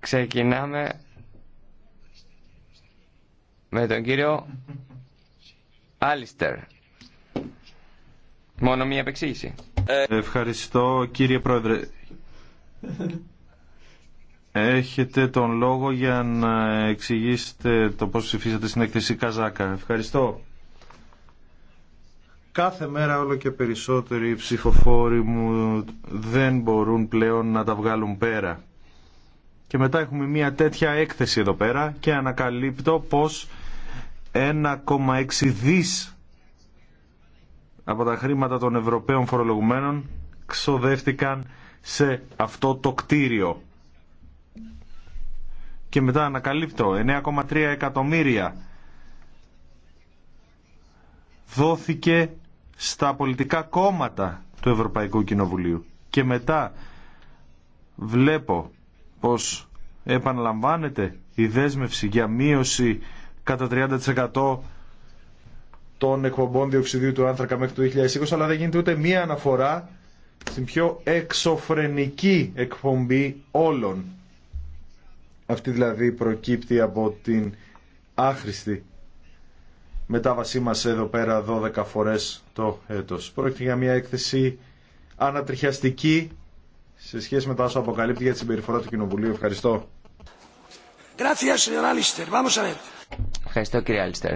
Ξεκινάμε με τον κύριο Άλιστερ. Μόνο μία επεξήγηση. Ευχαριστώ κύριε Πρόεδρε. Έχετε τον λόγο για να εξηγήσετε το πώς ψηφίσατε στην εκθεσή Καζάκα. Ευχαριστώ. Κάθε μέρα όλο και περισσότεροι ψηφοφόροι μου δεν μπορούν πλέον να τα βγάλουν πέρα. Και μετά έχουμε μια τέτοια έκθεση εδώ πέρα και ανακαλύπτω πως 1,6 δις από τα χρήματα των Ευρωπαίων φορολογουμένων ξοδεύτηκαν σε αυτό το κτίριο. Και μετά ανακαλύπτω 9,3 εκατομμύρια δόθηκε στα πολιτικά κόμματα του Ευρωπαϊκού Κοινοβουλίου. Και μετά βλέπω πως επαναλαμβάνεται η δέσμευση για μείωση κατά 30% των εκπομπών διοξιδίου του άνθρακα μέχρι το 2020, αλλά δεν γίνεται ούτε μία αναφορά στην πιο εξωφρενική εκπομπή όλων. Αυτή δηλαδή προκύπτει από την άχρηστη μετάβασή μας εδώ πέρα 12 φορές το έτος. Πρόκειται για μια έκθεση ανατριχιαστική σε σχέση με το όσα αποκαλύπτει για τη συμπεριφορά του Κοινοβουλίου. Ευχαριστώ. Ευχαριστώ κύριε Άλιστερ.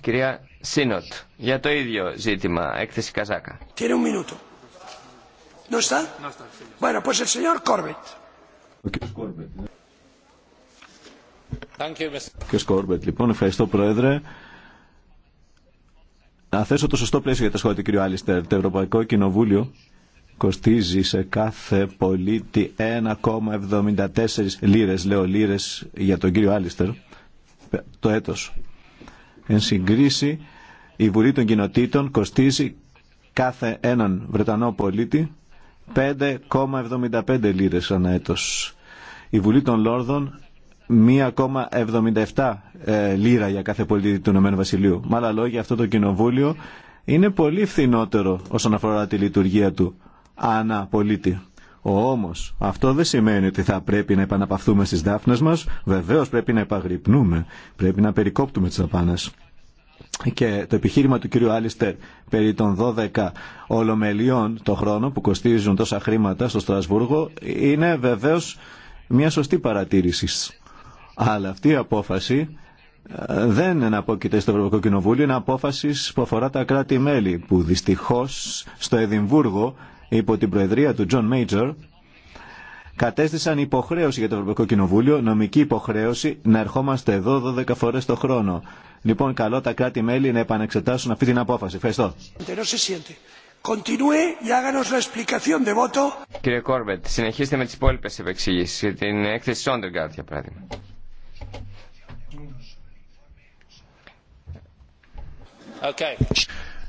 Κυρία Σίνοτ, για το ίδιο ζήτημα, έκθεση Καζάκα. Κύριε Σκόρμπετ, ναι. λοιπόν, ευχαριστώ Πρόεδρε. Να θέσω το σωστό πλαίσιο για τα σχόλια του κ. Άλιστερ. Το Ευρωπαϊκό Κοινοβούλιο κοστίζει σε κάθε πολίτη 1,74 λίρες, λέω λίρες για τον κύριο Άλιστερ, το έτος. Εν συγκρίση, η Βουλή των Κοινοτήτων κοστίζει κάθε έναν Βρετανό πολίτη 5,75 λίρες ανά έτος. Η Βουλή των Λόρδων 1,77 ε, λίρα για κάθε πολίτη του Ηνωμένου Βασιλείου. Με άλλα λόγια, αυτό το κοινοβούλιο είναι πολύ φθηνότερο όσον αφορά τη λειτουργία του ανά πολίτη. Όμως αυτό δεν σημαίνει ότι θα πρέπει να επαναπαυθούμε στις δάφνες μας. Βεβαίως πρέπει να επαγρυπνούμε, πρέπει να περικόπτουμε τις δαπάνες. Και το επιχείρημα του κυρίου Άλιστερ περί των 12 ολομελιών το χρόνο που κοστίζουν τόσα χρήματα στο Στρασβούργο είναι βεβαίως μια σωστή παρατήρηση. Αλλά αυτή η απόφαση ε, δεν εναπόκειται στο Ευρωπαϊκό Κοινοβούλιο, είναι απόφαση που αφορά τα κράτη-μέλη, που δυστυχώ στο Εδιμβούργο υπό την προεδρία του John Major κατέστησαν υποχρέωση για το Ευρωπαϊκό Κοινοβούλιο, νομική υποχρέωση να ερχόμαστε εδώ 12 φορέ το χρόνο. Λοιπόν, καλό τα κράτη-μέλη να επανεξετάσουν αυτή την απόφαση. Ευχαριστώ. Κύριε Κόρμπετ, συνεχίστε με τι υπόλοιπε για Την έκθεση Σόντεργαρτ, για παράδειγμα. Okay.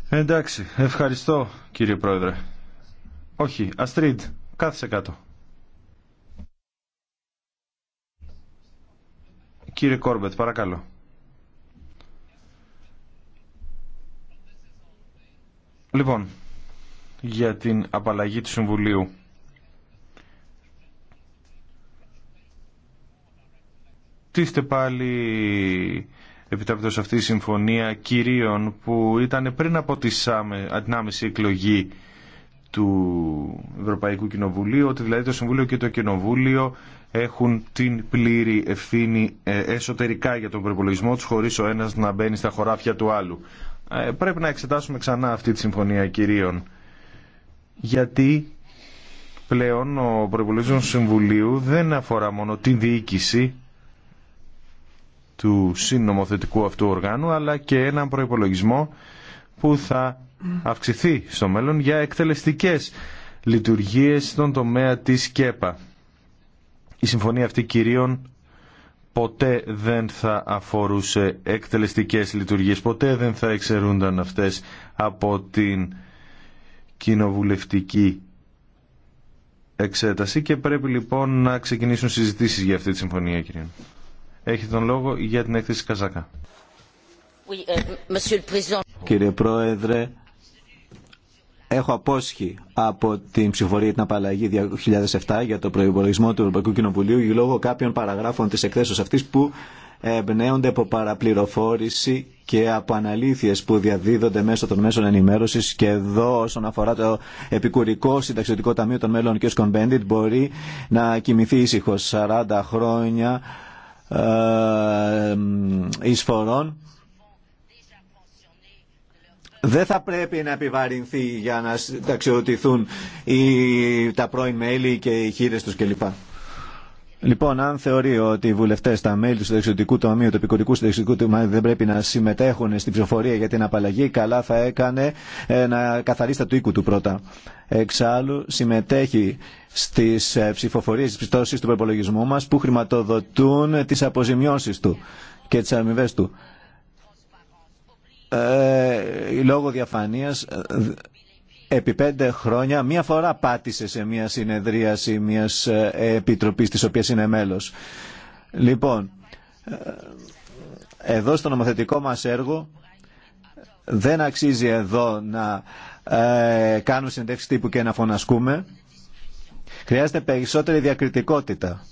Εντάξει, ευχαριστώ κύριε Πρόεδρε. Όχι, Αστρίτ, κάθισε κάτω. Κύριε Κόρμπετ, παρακαλώ. Λοιπόν, για την απαλλαγή του Συμβουλίου. Τι είστε πάλι σε αυτή η συμφωνία κυρίων που ήταν πριν από την άμεση εκλογή του Ευρωπαϊκού Κοινοβουλίου, ότι δηλαδή το Συμβούλιο και το Κοινοβούλιο έχουν την πλήρη ευθύνη ε, εσωτερικά για τον προπολογισμό τους, χωρίς ο ένας να μπαίνει στα χωράφια του άλλου. Ε, πρέπει να εξετάσουμε ξανά αυτή τη συμφωνία κυρίων, γιατί πλέον ο προπολογισμό του Συμβουλίου δεν αφορά μόνο την διοίκηση του συνομοθετικού αυτού οργάνου, αλλά και έναν προπολογισμό που θα αυξηθεί στο μέλλον για εκτελεστικές λειτουργίες στον τομέα της ΚΕΠΑ. Η συμφωνία αυτή κυρίων ποτέ δεν θα αφορούσε εκτελεστικές λειτουργίες, ποτέ δεν θα εξαιρούνταν αυτές από την κοινοβουλευτική εξέταση και πρέπει λοιπόν να ξεκινήσουν συζητήσεις για αυτή τη συμφωνία κυρίων. Έχει τον λόγο για την έκθεση Καζάκα. Euh, Κύριε Πρόεδρε, έχω απόσχει από την ψηφορία την απαλλαγή 2007 για το προϋπολογισμό του Ευρωπαϊκού Κοινοβουλίου λόγω κάποιων παραγράφων της εκθέσεως αυτής που εμπνέονται από παραπληροφόρηση και από αναλήθειες που διαδίδονται μέσω των μέσων ενημέρωσης και εδώ όσον αφορά το επικουρικό συνταξιωτικό ταμείο των μέλων και ο Σκονμπέντιτ μπορεί να κοιμηθεί ήσυχος 40 χρόνια εισφορών δεν θα πρέπει να επιβαρυνθεί για να ταξιδοτηθούν οι, τα πρώην μέλη και οι χείρε του κλπ. Λοιπόν, αν θεωρεί ότι οι βουλευτέ, τα μέλη του Συνταξιωτικού τομείου, του Επικουρικού Συνταξιωτικού τομείου δεν πρέπει να συμμετέχουν στην ψηφοφορία για την απαλλαγή, καλά θα έκανε ε, να καθαρίσει τα του οίκου του πρώτα. Εξάλλου, συμμετέχει στι ε, ψηφοφορίε τη πτώση του προπολογισμού μα που χρηματοδοτούν τι αποζημιώσει του και τι αμοιβέ του. Ε, λόγω διαφανείας ε, επί πέντε χρόνια μία φορά πάτησε σε μία συνεδρίαση μιας ε, επιτροπής της οποίας είναι μέλος. Λοιπόν, εδώ στο νομοθετικό μας έργο δεν αξίζει εδώ να κάνουμε συνεντεύξεις τύπου και να φωνασκούμε. Χρειάζεται περισσότερη διακριτικότητα.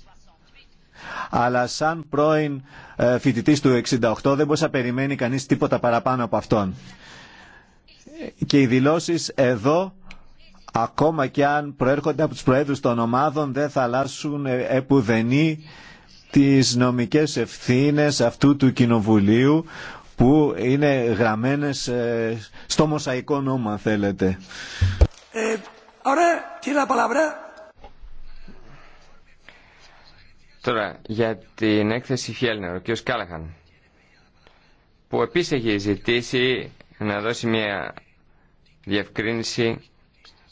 Αλλά σαν πρώην ε, φοιτητής του 68 δεν μπορούσε να περιμένει κανείς τίποτα παραπάνω από αυτόν. Και οι δηλώσεις εδώ ακόμα και αν προέρχονται από τους προέδρους των ομάδων δεν θα αλλάσουν ε, επουδενή τις νομικές ευθύνες αυτού του κοινοβουλίου που είναι γραμμένες ε, στο μοσαϊκό νόμο αν θέλετε. Ε, Τώρα, για την έκθεση Φιέλνερ, ο κ. Κάλαχαν, που επίσης έχει ζητήσει να δώσει μια διευκρίνηση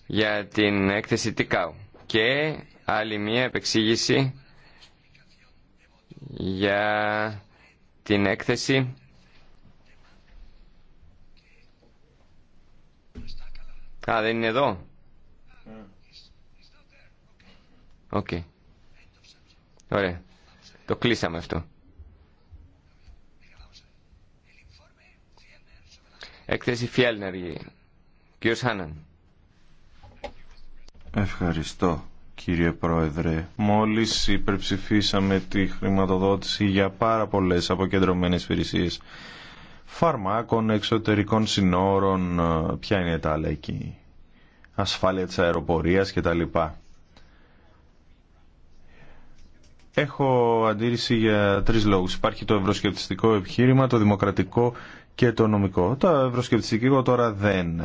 για την έκθεση Τικάου και άλλη μια επεξήγηση για την έκθεση Α, δεν είναι εδώ. Mm. Οκ. Ωραία. Το κλείσαμε αυτό. Έκθεση Φιέλνερ. Κύριος Χάναν. Ευχαριστώ κύριε Πρόεδρε. Μόλις υπερψηφίσαμε τη χρηματοδότηση για πάρα πολλές αποκεντρωμένες υπηρεσίε φαρμάκων, εξωτερικών συνόρων, ε, ποια είναι τα άλλα εκεί, ασφάλεια της αεροπορίας κτλ. Έχω αντίρρηση για τρει λόγου. Υπάρχει το ευρωσκεπτιστικό επιχείρημα, το δημοκρατικό και το νομικό. Το ευρωσκεπτιστικό τώρα δεν.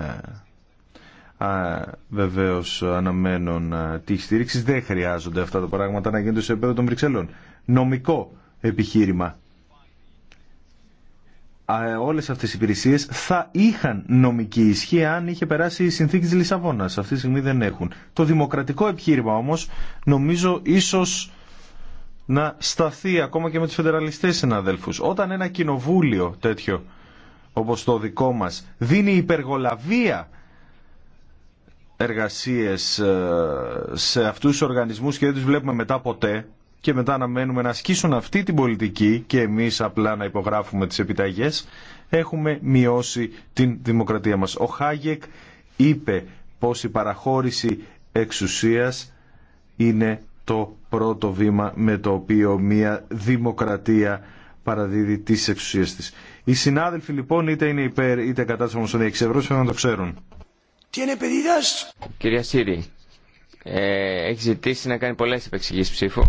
βεβαίω βεβαίως αναμένω να τύχει στήριξη. Δεν χρειάζονται αυτά τα πράγματα να γίνονται σε επίπεδο των Βρυξελών. Νομικό επιχείρημα. Α, όλες αυτές οι υπηρεσίες θα είχαν νομική ισχύ αν είχε περάσει η συνθήκη της Λισαβόνας. Αυτή τη στιγμή δεν έχουν. Το δημοκρατικό επιχείρημα όμως νομίζω ίσως να σταθεί ακόμα και με τους φεντεραλιστές συναδέλφους. Όταν ένα κοινοβούλιο τέτοιο, όπως το δικό μας, δίνει υπεργολαβία εργασίες ε, σε αυτούς τους οργανισμούς και δεν τους βλέπουμε μετά ποτέ και μετά να μένουμε να ασκήσουν αυτή την πολιτική και εμείς απλά να υπογράφουμε τις επιταγές, έχουμε μειώσει την δημοκρατία μας. Ο Χάγεκ είπε πως η παραχώρηση εξουσίας είναι το πρώτο βήμα με το οποίο μια δημοκρατία παραδίδει τις εξουσίες της. Οι συνάδελφοι λοιπόν είτε είναι υπέρ είτε κατά της ομοσπονδιακής Ευρώπης να το ξέρουν. Τι είναι παιδίδας? Κυρία Σύρη, ε, έχει ζητήσει να κάνει πολλές επεξηγήσεις ψήφου.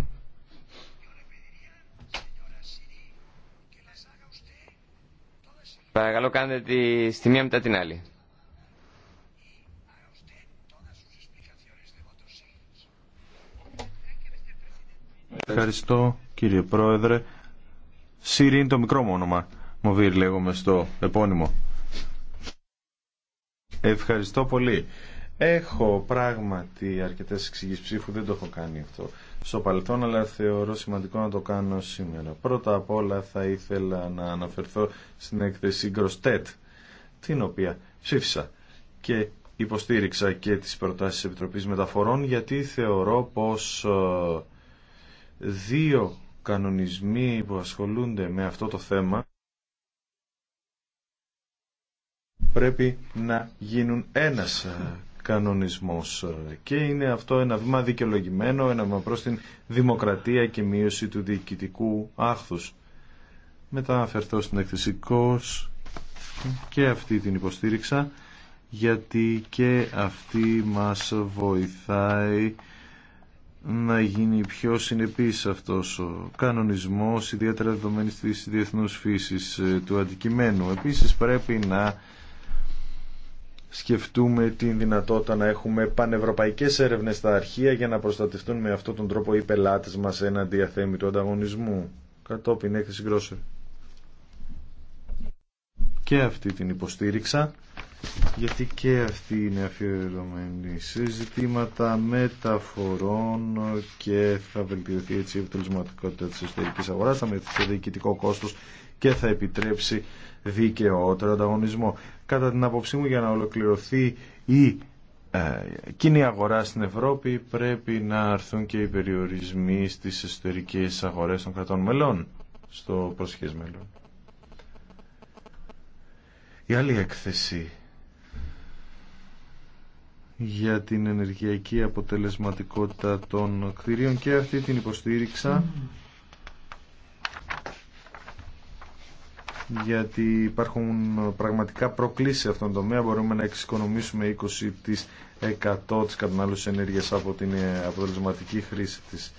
Παρακαλώ κάντε τη, στιγμή μετά την άλλη. Ευχαριστώ κύριε Πρόεδρε. Σύρι το μικρό μου όνομα. Μοβίρ λέγομαι στο επώνυμο. Ευχαριστώ πολύ. Έχω πράγματι αρκετέ εξηγήσει ψήφου, δεν το έχω κάνει αυτό στο παρελθόν, αλλά θεωρώ σημαντικό να το κάνω σήμερα. Πρώτα απ' όλα θα ήθελα να αναφερθώ στην έκθεση Γκροστέτ, την οποία ψήφισα και υποστήριξα και τις προτάσεις της Επιτροπής Μεταφορών, γιατί θεωρώ πως ε, δύο κανονισμοί που ασχολούνται με αυτό το θέμα πρέπει να γίνουν ένας ε, κανονισμός και είναι αυτό ένα βήμα δικαιολογημένο, ένα βήμα προς την δημοκρατία και μείωση του διοικητικού άχθους. Μετά αφαιρθώ στην εκθεσικός και αυτή την υποστήριξα γιατί και αυτή μας βοηθάει να γίνει πιο συνεπής αυτός ο κανονισμός, ιδιαίτερα δεδομένη της διεθνούς φύσης ε, του αντικειμένου. Επίσης πρέπει να σκεφτούμε την δυνατότητα να έχουμε πανευρωπαϊκές έρευνες στα αρχεία για να προστατευτούν με αυτόν τον τρόπο οι πελάτες μας έναντι αθέμη του ανταγωνισμού. Κατόπιν έκθεση Γκρόσερ. Και αυτή την υποστήριξα γιατί και αυτή είναι αφιερωμένη σε ζητήματα μεταφορών και θα βελτιωθεί έτσι η επιτελεσματικότητα της εσωτερικής αγοράς, θα μειωθεί το διοικητικό κόστος και θα επιτρέψει δικαιότερο ανταγωνισμό. Κατά την άποψή μου για να ολοκληρωθεί η ε, κοινή αγορά στην Ευρώπη πρέπει να έρθουν και οι περιορισμοί στις εσωτερικές αγορές των κρατών μελών στο προσχέσμελο. Η άλλη έκθεση για την ενεργειακή αποτελεσματικότητα των κτηρίων και αυτή την υποστήριξα γιατί υπάρχουν πραγματικά προκλήσεις σε αυτόν τον τομέα. Μπορούμε να εξοικονομήσουμε 20% της κατανάλωσης ενέργειας από την αποτελεσματική χρήση της.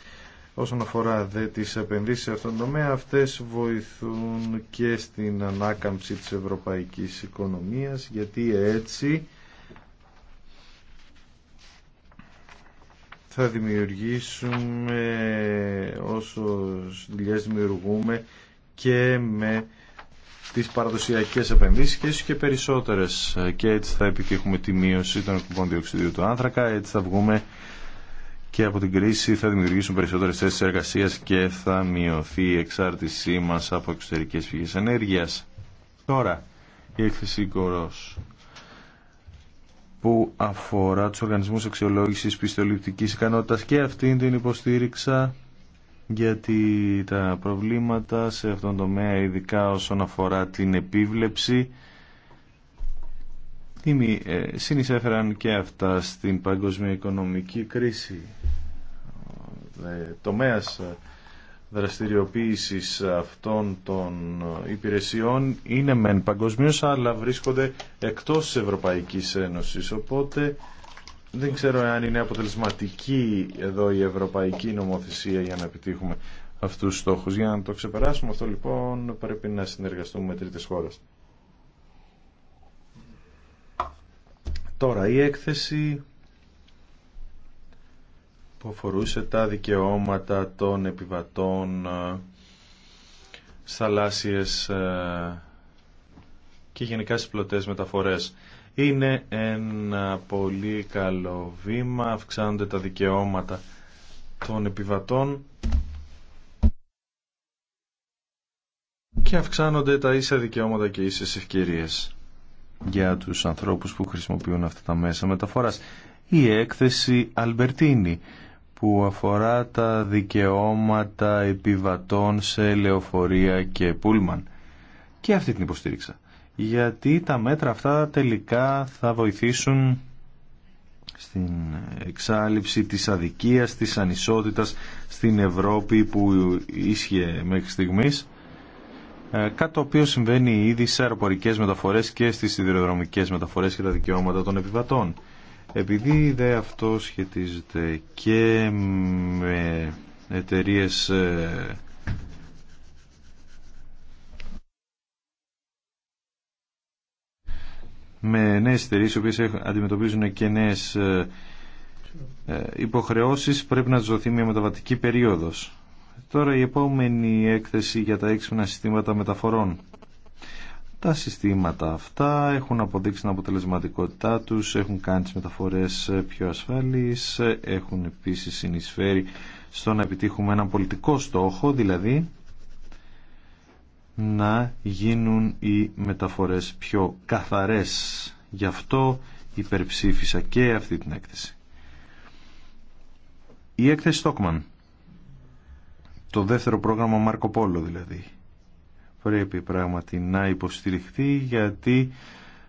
Όσον αφορά δε τις επενδύσεις σε αυτόν τον τομέα, αυτές βοηθούν και στην ανάκαμψη της ευρωπαϊκής οικονομίας, γιατί έτσι θα δημιουργήσουμε όσο δουλειέ δημιουργούμε και με τις παραδοσιακές επενδύσεις και ίσως και περισσότερες και έτσι θα επιτύχουμε τη μείωση των εκπομπών διοξιδίου του άνθρακα έτσι θα βγούμε και από την κρίση θα δημιουργήσουν περισσότερες θέσεις εργασίας και θα μειωθεί η εξάρτησή μας από εξωτερικές πηγές ενέργειας. Τώρα, η έκθεση κορός που αφορά τους οργανισμούς αξιολόγησης πιστοληπτικής ικανότητας και αυτήν την υποστήριξα γιατί τα προβλήματα σε αυτόν τον τομέα ειδικά όσον αφορά την επίβλεψη ε, συνεισέφεραν και αυτά στην παγκοσμία οικονομική κρίση. Ε, τομέας ε, δραστηριοποίησης αυτών των υπηρεσιών είναι μεν παγκοσμίω, αλλά βρίσκονται εκτός της Ευρωπαϊκής Ένωσης. Οπότε δεν ξέρω αν είναι αποτελεσματική εδώ η ευρωπαϊκή νομοθεσία για να επιτύχουμε αυτούς τους στόχους. Για να το ξεπεράσουμε αυτό λοιπόν πρέπει να συνεργαστούμε με τρίτες χώρες. Τώρα η έκθεση αφορούσε τα δικαιώματα των επιβατών σαλάσιες ε, ε, και γενικά στις πλωτές μεταφορές. Είναι ένα πολύ καλό βήμα, αυξάνονται τα δικαιώματα των επιβατών και αυξάνονται τα ίσα δικαιώματα και ίσες ευκαιρίες για τους ανθρώπους που χρησιμοποιούν αυτά τα μέσα μεταφοράς. Η έκθεση Αλμπερτίνη που αφορά τα δικαιώματα επιβατών σε λεωφορεία και πούλμαν. Και αυτή την υποστήριξα. Γιατί τα μέτρα αυτά τελικά θα βοηθήσουν στην εξάλληψη της αδικίας, της ανισότητας στην Ευρώπη που ίσχυε μέχρι στιγμής ε, κάτι το οποίο συμβαίνει ήδη σε αεροπορικές μεταφορές και στις σιδηροδρομικές μεταφορές και τα δικαιώματα των επιβατών. Επειδή δε αυτό σχετίζεται και με εταιρείε ε, με νέες εταιρείε οι οποίες αντιμετωπίζουν και νέες ε, ε, υποχρεώσεις πρέπει να τους δοθεί μια μεταβατική περίοδος. Τώρα η επόμενη έκθεση για τα έξυπνα συστήματα μεταφορών. Τα συστήματα αυτά έχουν αποδείξει την αποτελεσματικότητά τους, έχουν κάνει τις μεταφορές πιο ασφαλείς, έχουν επίσης συνεισφέρει στο να επιτύχουμε έναν πολιτικό στόχο, δηλαδή να γίνουν οι μεταφορές πιο καθαρές. Γι' αυτό υπερψήφισα και αυτή την έκθεση. Η έκθεση Στόκμαν, το δεύτερο πρόγραμμα Μάρκο Πόλο δηλαδή, πρέπει πράγματι να υποστηριχθεί γιατί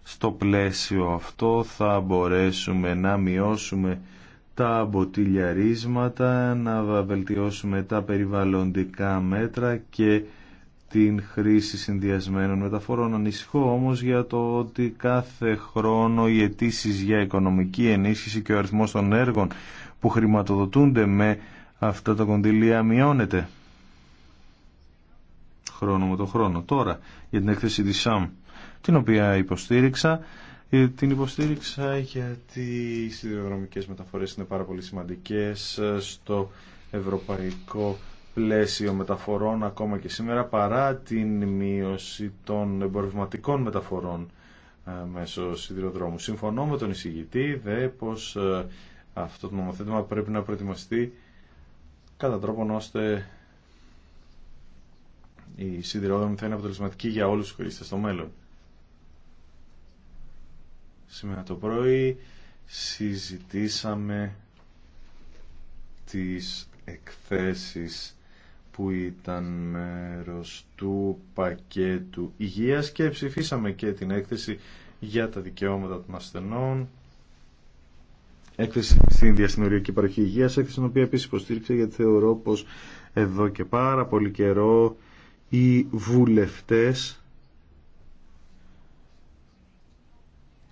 στο πλαίσιο αυτό θα μπορέσουμε να μειώσουμε τα μποτιλιαρίσματα, να βελτιώσουμε τα περιβαλλοντικά μέτρα και την χρήση συνδυασμένων μεταφορών. Ανησυχώ όμως για το ότι κάθε χρόνο οι αιτήσει για οικονομική ενίσχυση και ο αριθμός των έργων που χρηματοδοτούνται με αυτά τα κονδυλία μειώνεται χρόνο με το χρόνο. Τώρα, για την έκθεση της ΣΑΜ, την οποία υποστήριξα, ε, την υποστήριξα γιατί οι σιδηροδρομικές μεταφορές είναι πάρα πολύ σημαντικές ε, στο ευρωπαϊκό πλαίσιο μεταφορών ακόμα και σήμερα παρά την μείωση των εμπορευματικών μεταφορών ε, μέσω σιδηροδρόμου. Συμφωνώ με τον εισηγητή δε πως αυτό το νομοθέτημα πρέπει να προετοιμαστεί κατά τρόπον ώστε η σιδηρόδρομη θα είναι αποτελεσματική για όλους τους χρήστες στο μέλλον. Σήμερα το πρωί συζητήσαμε τις εκθέσεις που ήταν μέρος του πακέτου υγείας και ψηφίσαμε και την έκθεση για τα δικαιώματα των ασθενών έκθεση στην διασυνοριακή παροχή υγείας έκθεση την οποία επίσης υποστήριξε γιατί θεωρώ πως εδώ και πάρα πολύ καιρό οι βουλευτές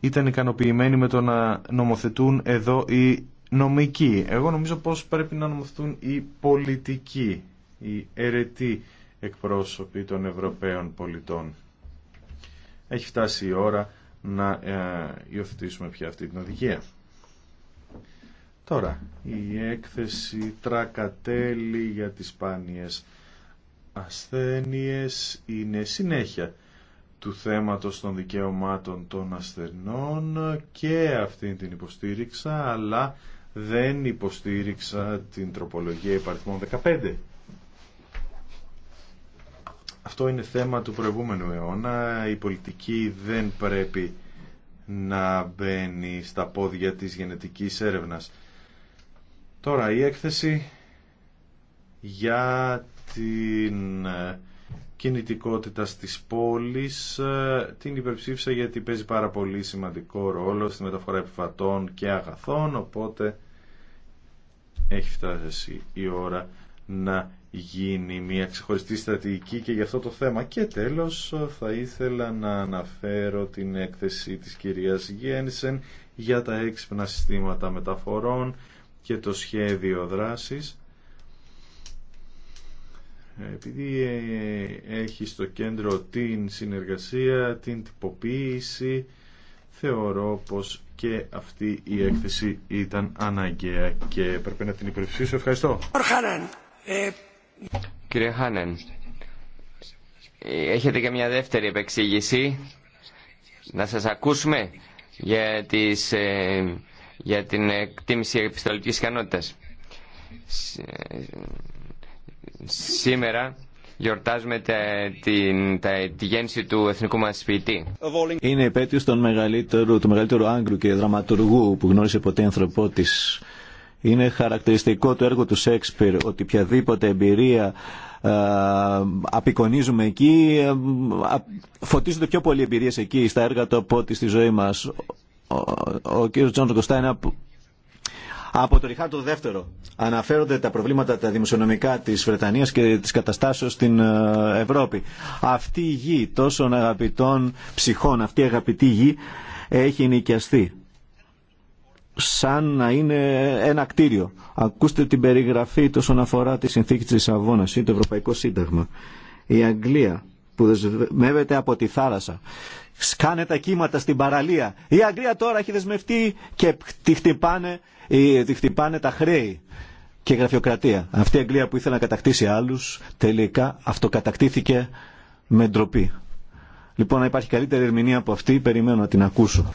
ήταν ικανοποιημένοι με το να νομοθετούν εδώ οι νομικοί. Εγώ νομίζω πως πρέπει να νομοθετούν οι πολιτικοί, οι αιρετοί εκπρόσωποι των Ευρωπαίων πολιτών. Έχει φτάσει η ώρα να ε, υιοθετήσουμε πια αυτή την οδηγία. Τώρα, η έκθεση Τρακατέλη για τις σπάνιες ασθένειες είναι συνέχεια του θέματος των δικαιωμάτων των ασθενών και αυτή την υποστήριξα, αλλά δεν υποστήριξα την τροπολογία υπαριθμών 15. Αυτό είναι θέμα του προηγούμενου αιώνα. Η πολιτική δεν πρέπει να μπαίνει στα πόδια της γενετικής έρευνας. Τώρα η έκθεση για την ε, κινητικότητα στις πόλεις ε, την υπερψήφισα γιατί παίζει πάρα πολύ σημαντικό ρόλο στη μεταφορά επιφατών και αγαθών οπότε έχει φτάσει η ώρα να γίνει μια ξεχωριστή στρατηγική και για αυτό το θέμα. Και τέλος θα ήθελα να αναφέρω την έκθεση της κυρίας Γένσεν για τα έξυπνα συστήματα μεταφορών και το σχέδιο δράσης επειδή ε, έχει στο κέντρο την συνεργασία, την τυποποίηση, θεωρώ πως και αυτή η έκθεση ήταν αναγκαία και πρέπει να την υπερψήσω. Ευχαριστώ. Κύριε Χάνεν, ε, ε, έχετε και μια δεύτερη επεξήγηση. Να σας ακούσουμε για, τις, για την εκτίμηση επιστολικής ικανότητας. Σήμερα γιορτάζουμε την, τη γέννηση του εθνικού μας ποιητή. Είναι επέτειος των του μεγαλύτερου Άγγλου και δραματουργού που γνώρισε ποτέ η ανθρωπότης. Είναι χαρακτηριστικό το έργο του Σέξπιρ ότι οποιαδήποτε εμπειρία α, απεικονίζουμε εκεί, α, φωτίζονται πιο πολλοί εμπειρίες εκεί στα έργα του από ό,τι στη ζωή μας. Ο, κύριος Τζον Κωστά είναι από το Ριχάρτο δεύτερο αναφέρονται τα προβλήματα τα δημοσιονομικά της Βρετανίας και της καταστάσεως στην ε, Ευρώπη. Αυτή η γη τόσων αγαπητών ψυχών, αυτή η αγαπητή γη έχει νοικιαστεί σαν να είναι ένα κτίριο. Ακούστε την περιγραφή τόσον αφορά τη συνθήκη της Λισαβόνα ή το Ευρωπαϊκό Σύνταγμα. Η Αγγλία που δεσμεύεται από τη θάλασσα σκάνε τα κύματα στην παραλία. Η Αγγλία τώρα έχει δεσμευτεί και τη χτυπάνε, τα χρέη και η γραφειοκρατία. Αυτή η Αγγλία που ήθελε να κατακτήσει άλλους τελικά αυτοκατακτήθηκε με ντροπή. Λοιπόν, να υπάρχει καλύτερη ερμηνεία από αυτή, περιμένω να την ακούσω.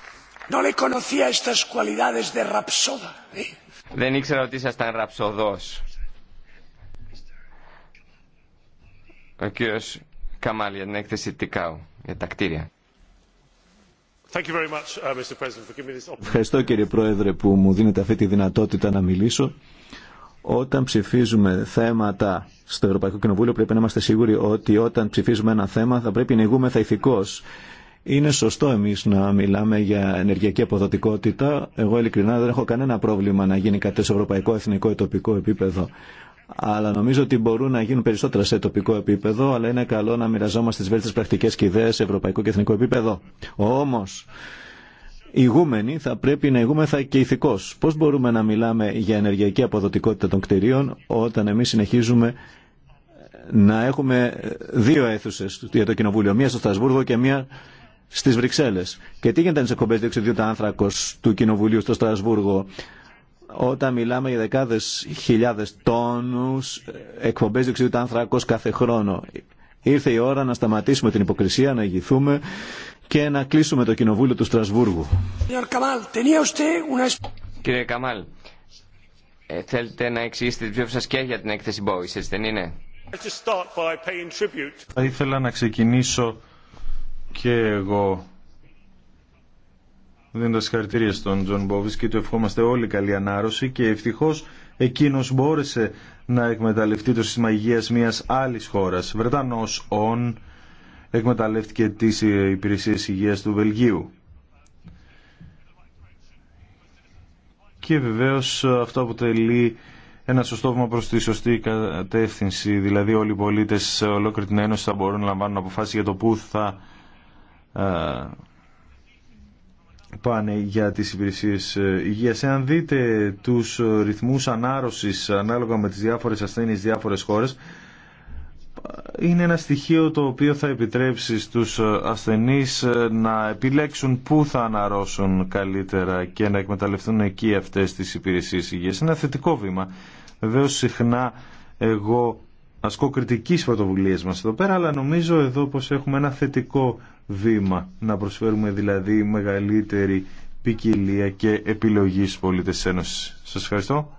¿eh? Δεν ήξερα ότι ήσασταν ραψοδός. Ο κύριος Καμάλ για την έκθεση Τικάου, για τα κτίρια. Uh, Ευχαριστώ κύριε Πρόεδρε που μου δίνετε αυτή τη δυνατότητα να μιλήσω. Όταν ψηφίζουμε θέματα στο Ευρωπαϊκό Κοινοβούλιο πρέπει να είμαστε σίγουροι ότι όταν ψηφίζουμε ένα θέμα θα πρέπει να ηγούμεθα ηθικώς. Είναι σωστό εμείς να μιλάμε για ενεργειακή αποδοτικότητα. Εγώ ειλικρινά δεν έχω κανένα πρόβλημα να γίνει κάτι σε ευρωπαϊκό, εθνικό ή τοπικό επίπεδο αλλά νομίζω ότι μπορούν να γίνουν περισσότερα σε τοπικό επίπεδο, αλλά είναι καλό να μοιραζόμαστε τι βέλτιστε πρακτικέ και ιδέε σε ευρωπαϊκό και εθνικό επίπεδο. Όμω, ηγούμενοι θα πρέπει να ηγούμεθα και ηθικώ. Πώ μπορούμε να μιλάμε για ενεργειακή αποδοτικότητα των κτηρίων, όταν εμεί συνεχίζουμε να έχουμε δύο αίθουσε για το Κοινοβούλιο, μία στο Στρασβούργο και μία στι Βρυξέλλε. Και τι γίνεται αν σε εκπομπέ διοξιδίου του άνθρακο του Κοινοβουλίου στο Στρασβούργο όταν μιλάμε για δεκάδε. χιλιάδε τόνου εκπομπέ διοξιδίου του άνθρακο κάθε χρόνο. Ήρθε η ώρα να σταματήσουμε την υποκρισία, να ηγηθούμε και να κλείσουμε το Κοινοβούλιο του Στρασβούργου. Κύριε Καμάλ, ε, θέλετε να εξηγήσετε την ψήφο σα και για την έκθεση Μπόη, έτσι δεν είναι. Θα ήθελα να ξεκινήσω και εγώ δίνοντα χαρακτηρία στον Τζον Μπόβις και του ευχόμαστε όλοι καλή ανάρρωση και ευτυχώ εκείνο μπόρεσε να εκμεταλλευτεί το σύστημα υγεία μια άλλη χώρα. Βρετανό ον εκμεταλλεύτηκε τις υπηρεσίες υγείας του Βελγίου. Και βεβαίως αυτό αποτελεί ένα σωστό βήμα προς τη σωστή κατεύθυνση. Δηλαδή όλοι οι πολίτες σε ολόκληρη την Ένωση θα μπορούν να λαμβάνουν αποφάσεις για το πού θα ε, πάνε για τις υπηρεσίες ε, υγείας. Εάν δείτε τους ε, ρυθμούς ανάρρωσης ανάλογα με τις διάφορες ασθένειες διάφορες χώρες, είναι ένα στοιχείο το οποίο θα επιτρέψει στους ε, ασθενείς να επιλέξουν πού θα αναρρώσουν καλύτερα και να εκμεταλλευτούν εκεί αυτές τις υπηρεσίες υγείας. Είναι ένα θετικό βήμα. Βεβαίω συχνά εγώ ασκώ κριτική στις μας εδώ πέρα, αλλά νομίζω εδώ πως έχουμε ένα θετικό βήμα. Να προσφέρουμε δηλαδή μεγαλύτερη ποικιλία και επιλογή στους πολίτες της Ένωσης. Σας ευχαριστώ.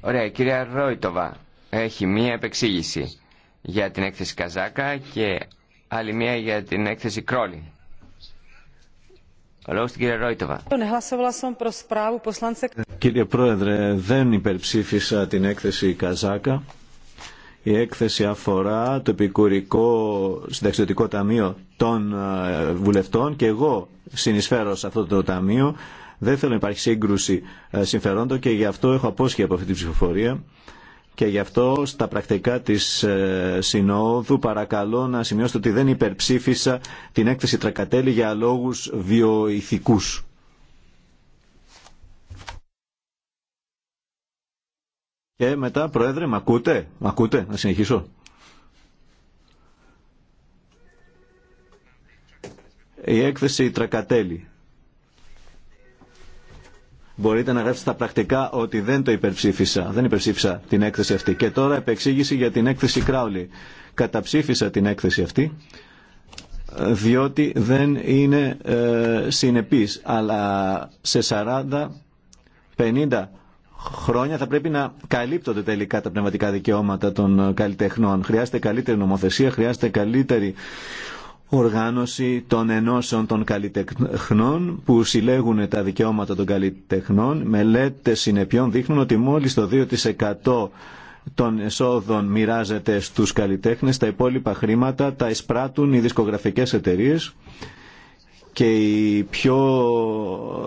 Ωραία, κυρία Ρόιτοβα, έχει μία επεξήγηση για την έκθεση Καζάκα και άλλη μία για την έκθεση Κρόλη. Λόγω στην κυρία Ρόιτοβα. Κύριε Πρόεδρε, δεν υπερψήφισα την έκθεση Καζάκα η έκθεση αφορά το επικουρικό συνταξιδοτικό ταμείο των ε, βουλευτών και εγώ συνεισφέρω σε αυτό το ταμείο. Δεν θέλω να υπάρχει σύγκρουση ε, συμφερόντων και γι' αυτό έχω απόσχει από αυτή την ψηφοφορία. Και γι' αυτό στα πρακτικά της ε, Συνόδου παρακαλώ να σημειώσω ότι δεν υπερψήφισα την έκθεση Τρακατέλη για λόγους βιοηθικούς. Και μετά, Πρόεδρε, με ακούτε, ακούτε, να συνεχίσω. Η έκθεση Τρακατέλη. Μπορείτε να γράψετε στα πρακτικά ότι δεν το υπερψήφισα, δεν υπερψήφισα την έκθεση αυτή. Και τώρα επεξήγηση για την έκθεση Κράουλη. Καταψήφισα την έκθεση αυτή διότι δεν είναι ε, συνεπής, αλλά σε 40-50 χρόνια θα πρέπει να καλύπτονται τελικά τα πνευματικά δικαιώματα των ε, καλλιτεχνών. Χρειάζεται καλύτερη νομοθεσία, χρειάζεται καλύτερη οργάνωση των ενώσεων των καλλιτεχνών που συλλέγουν τα δικαιώματα των καλλιτεχνών. Μελέτες συνεπιών δείχνουν ότι μόλις το 2% των εσόδων μοιράζεται στους καλλιτέχνες, τα υπόλοιπα χρήματα τα εισπράττουν οι δισκογραφικές εταιρείες και οι πιο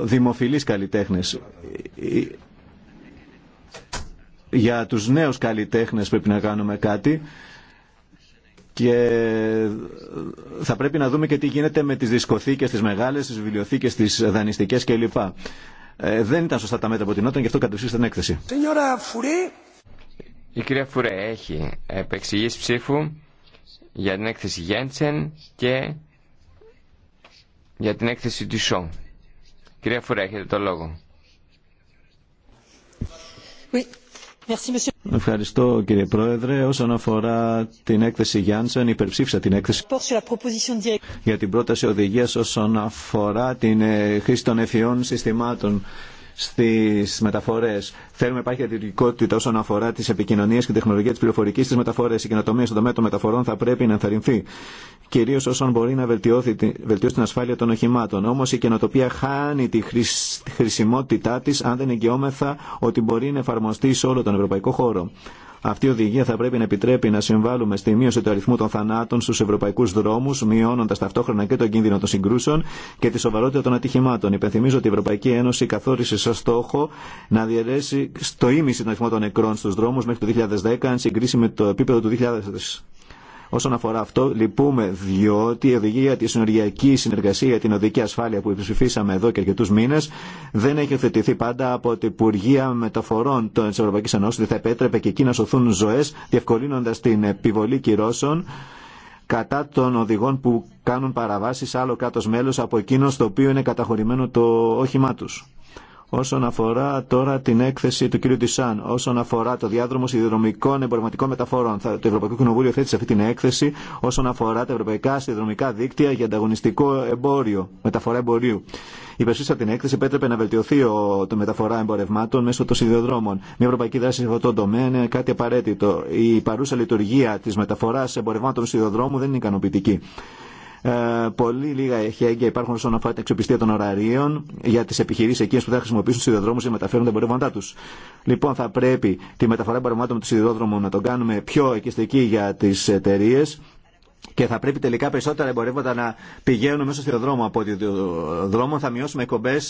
δημοφιλείς καλλιτέχνες για τους νέους καλλιτέχνες πρέπει να κάνουμε κάτι και θα πρέπει να δούμε και τι γίνεται με τις δισκοθήκες, τις μεγάλες, τις βιβλιοθήκες, τις δανειστικές κλπ. Ε, δεν ήταν σωστά τα μέτρα από την Όταν γι' αυτό κατευθύνει την έκθεση. Η κυρία Φουρέ έχει επεξηγήσει ψήφου για την έκθεση Γέντσεν και για την έκθεση του Κυρία Φουρέ, έχετε το λόγο. Oui. Ευχαριστώ κύριε Πρόεδρε. Όσον αφορά την έκθεση Γιάνσεν, υπερψήφισα την έκθεση για την πρόταση οδηγίας όσον αφορά την ε, χρήση των ευφυών συστημάτων στις μεταφορές. Θέλουμε υπάρχει αντιδικότητα όσον αφορά τις επικοινωνίες και τεχνολογία της πληροφορικής στις μεταφορές. Η καινοτομία στον τομέα των μεταφορών θα πρέπει να ενθαρρυνθεί κυρίω όσον μπορεί να βελτιώσει, βελτιώσει την ασφάλεια των οχημάτων. Όμω η καινοτοπία χάνει τη χρησιμότητά τη αν δεν εγγυόμεθα ότι μπορεί να εφαρμοστεί σε όλο τον ευρωπαϊκό χώρο. Αυτή η οδηγία θα πρέπει να επιτρέπει να συμβάλλουμε στη μείωση του αριθμού των θανάτων στου ευρωπαϊκού δρόμου, μειώνοντα ταυτόχρονα και τον κίνδυνο των συγκρούσεων και τη σοβαρότητα των ατυχημάτων. Υπενθυμίζω ότι η Ευρωπαϊκή Ένωση καθόρισε σαν στόχο να διαιρέσει στο ίμιση αριθμό των νεκρών στου δρόμου μέχρι το 2010, αν συγκρίσει με το επίπεδο του 2000. Όσον αφορά αυτό, λυπούμε διότι η οδηγία τη συνοριακή συνεργασία για την οδική ασφάλεια που ψηφίσαμε εδώ και αρκετού μήνε δεν έχει οθετηθεί πάντα από την Υπουργεία Μεταφορών τη Ευρωπαϊκή Ενώση, ότι θα επέτρεπε και εκεί να σωθούν ζωέ, διευκολύνοντα την επιβολή κυρώσεων κατά των οδηγών που κάνουν παραβάσεις άλλο κάτω μέλο από εκείνο στο οποίο είναι καταχωρημένο το όχημά του. Όσον αφορά τώρα την έκθεση του κύριου Τισάν, όσον αφορά το διάδρομο σιδηροδρομικών εμπορευματικών μεταφορών, θα, το Ευρωπαϊκό Κοινοβούλιο θέτει σε αυτή την έκθεση όσον αφορά τα ευρωπαϊκά σιδηροδρομικά δίκτυα για ανταγωνιστικό εμπόριο, μεταφορά εμπορίου. Η περισσότερη την έκθεση επέτρεπε να βελτιωθεί ο, το μεταφορά εμπορευμάτων μέσω των σιδηροδρόμων. Μια ευρωπαϊκή δράση σε αυτό το τομέα είναι κάτι απαραίτητο. Η παρούσα λειτουργία τη μεταφορά εμπορευμάτων σιδηροδρόμου δεν είναι ικανοποιητική. Ε, πολύ λίγα εχέγγυα υπάρχουν όσον αφορά την αξιοπιστία των ωραρίων για τι επιχειρήσει εκείνε που θα χρησιμοποιήσουν του σιδηροδρόμου για να μεταφέρουν τα εμπορεύματά του. Λοιπόν, θα πρέπει τη μεταφορά εμπορευμάτων με του σιδηρόδρομο να τον κάνουμε πιο εικιστική για τι εταιρείε και θα πρέπει τελικά περισσότερα εμπορεύματα να πηγαίνουν μέσω στο δρόμο από ότι το δρόμο θα μειώσουμε εκπομπέ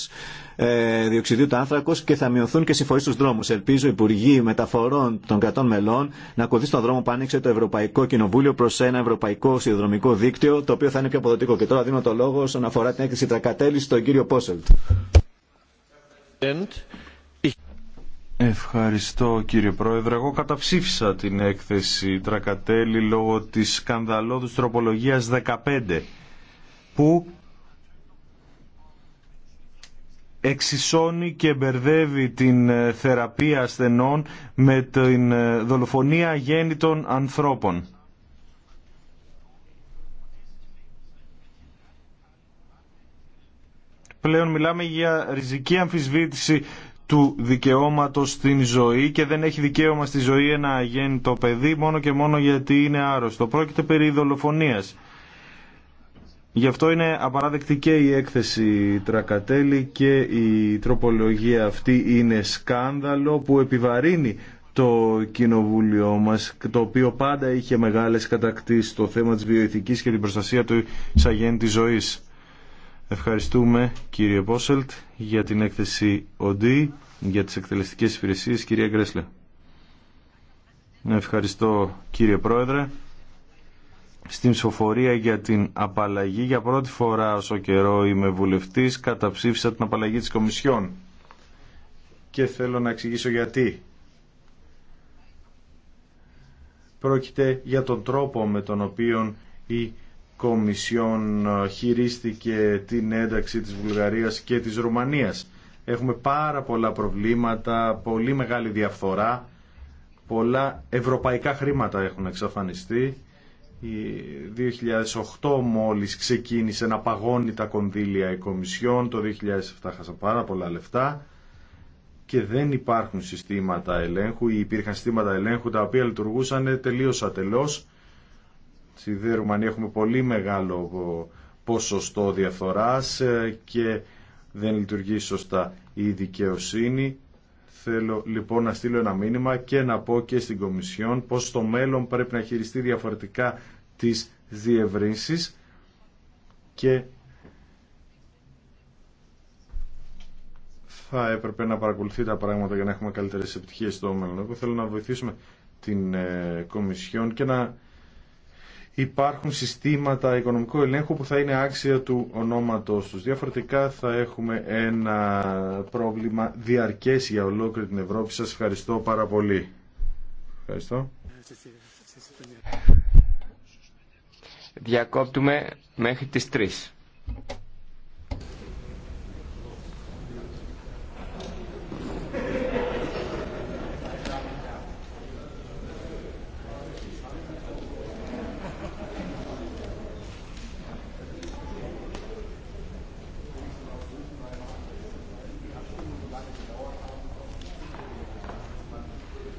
ε, διοξιδίου του άνθρακο και θα μειωθούν και συμφορεί στου δρόμου. Ελπίζω οι Υπουργοί Μεταφορών των κρατών μελών να ακολουθήσουν τον δρόμο που άνοιξε το Ευρωπαϊκό Κοινοβούλιο προ ένα ευρωπαϊκό σιδηροδρομικό δίκτυο το οποίο θα είναι πιο αποδοτικό. Και τώρα δίνω το λόγο όσον αφορά την έκθεση Τρακατέλη στον κύριο Πόσελτ. Ευχαριστώ κύριε Πρόεδρε. Εγώ καταψήφισα την έκθεση Τρακατέλη λόγω της σκανδαλώδους τροπολογίας 15 που εξισώνει και μπερδεύει την ε, θεραπεία ασθενών με την ε, δολοφονία γέννητων ανθρώπων. Πλέον μιλάμε για ριζική αμφισβήτηση του δικαιώματος στην ζωή και δεν έχει δικαίωμα στη ζωή ένα αγέννητο παιδί μόνο και μόνο γιατί είναι άρρωστο. Πρόκειται περί δολοφονίας. Γι' αυτό είναι απαράδεκτη και η έκθεση Τρακατέλη και η τροπολογία αυτή είναι σκάνδαλο που επιβαρύνει το κοινοβούλιο μας, το οποίο πάντα είχε μεγάλες κατακτήσεις στο θέμα της βιοειθικής και την προστασία του εισαγέννητης ζωής. Ευχαριστούμε κύριε Πόσελτ για την έκθεση ΟΝΤΗ για τις εκτελεστικές υπηρεσίες. Κυρία Γκρέσλε. Ευχαριστώ κύριε Πρόεδρε. Στην ψηφοφορία για την απαλλαγή, για πρώτη φορά όσο καιρό είμαι βουλευτής, καταψήφισα την απαλλαγή της Κομισιόν. Και θέλω να εξηγήσω γιατί. Πρόκειται για τον τρόπο με τον οποίο η Κομισιόν ε, χειρίστηκε την ένταξη της Βουλγαρίας και της Ρουμανίας. Έχουμε πάρα πολλά προβλήματα, πολύ μεγάλη διαφθορά, πολλά ευρωπαϊκά χρήματα έχουν εξαφανιστεί. το 2008 μόλις ξεκίνησε να παγώνει τα κονδύλια η Κομισιόν, το 2007 χάσα πάρα πολλά λεφτά και δεν υπάρχουν συστήματα ελέγχου ή υπήρχαν συστήματα ελέγχου τα οποία λειτουργούσαν τελείως ατελώς στην Ρουμανία έχουμε πολύ μεγάλο ε, ποσοστό διαφθοράς ε, και δεν λειτουργεί σωστά η δικαιοσύνη. Θέλω λοιπόν να στείλω ένα μήνυμα και να πω και στην Κομισιόν πως στο μέλλον πρέπει να χειριστεί διαφορετικά τις διευρύνσεις και θα έπρεπε να παρακολουθεί τα πράγματα για να έχουμε καλύτερες επιτυχίες στο μέλλον. Εγώ θέλω να βοηθήσουμε την ε, Κομισιόν και να υπάρχουν συστήματα οικονομικού ελέγχου που θα είναι άξια του ονόματός τους. Διαφορετικά θα έχουμε ένα πρόβλημα διαρκές για ολόκληρη την Ευρώπη. Σας ευχαριστώ πάρα πολύ. Ευχαριστώ. Διακόπτουμε μέχρι τις 3.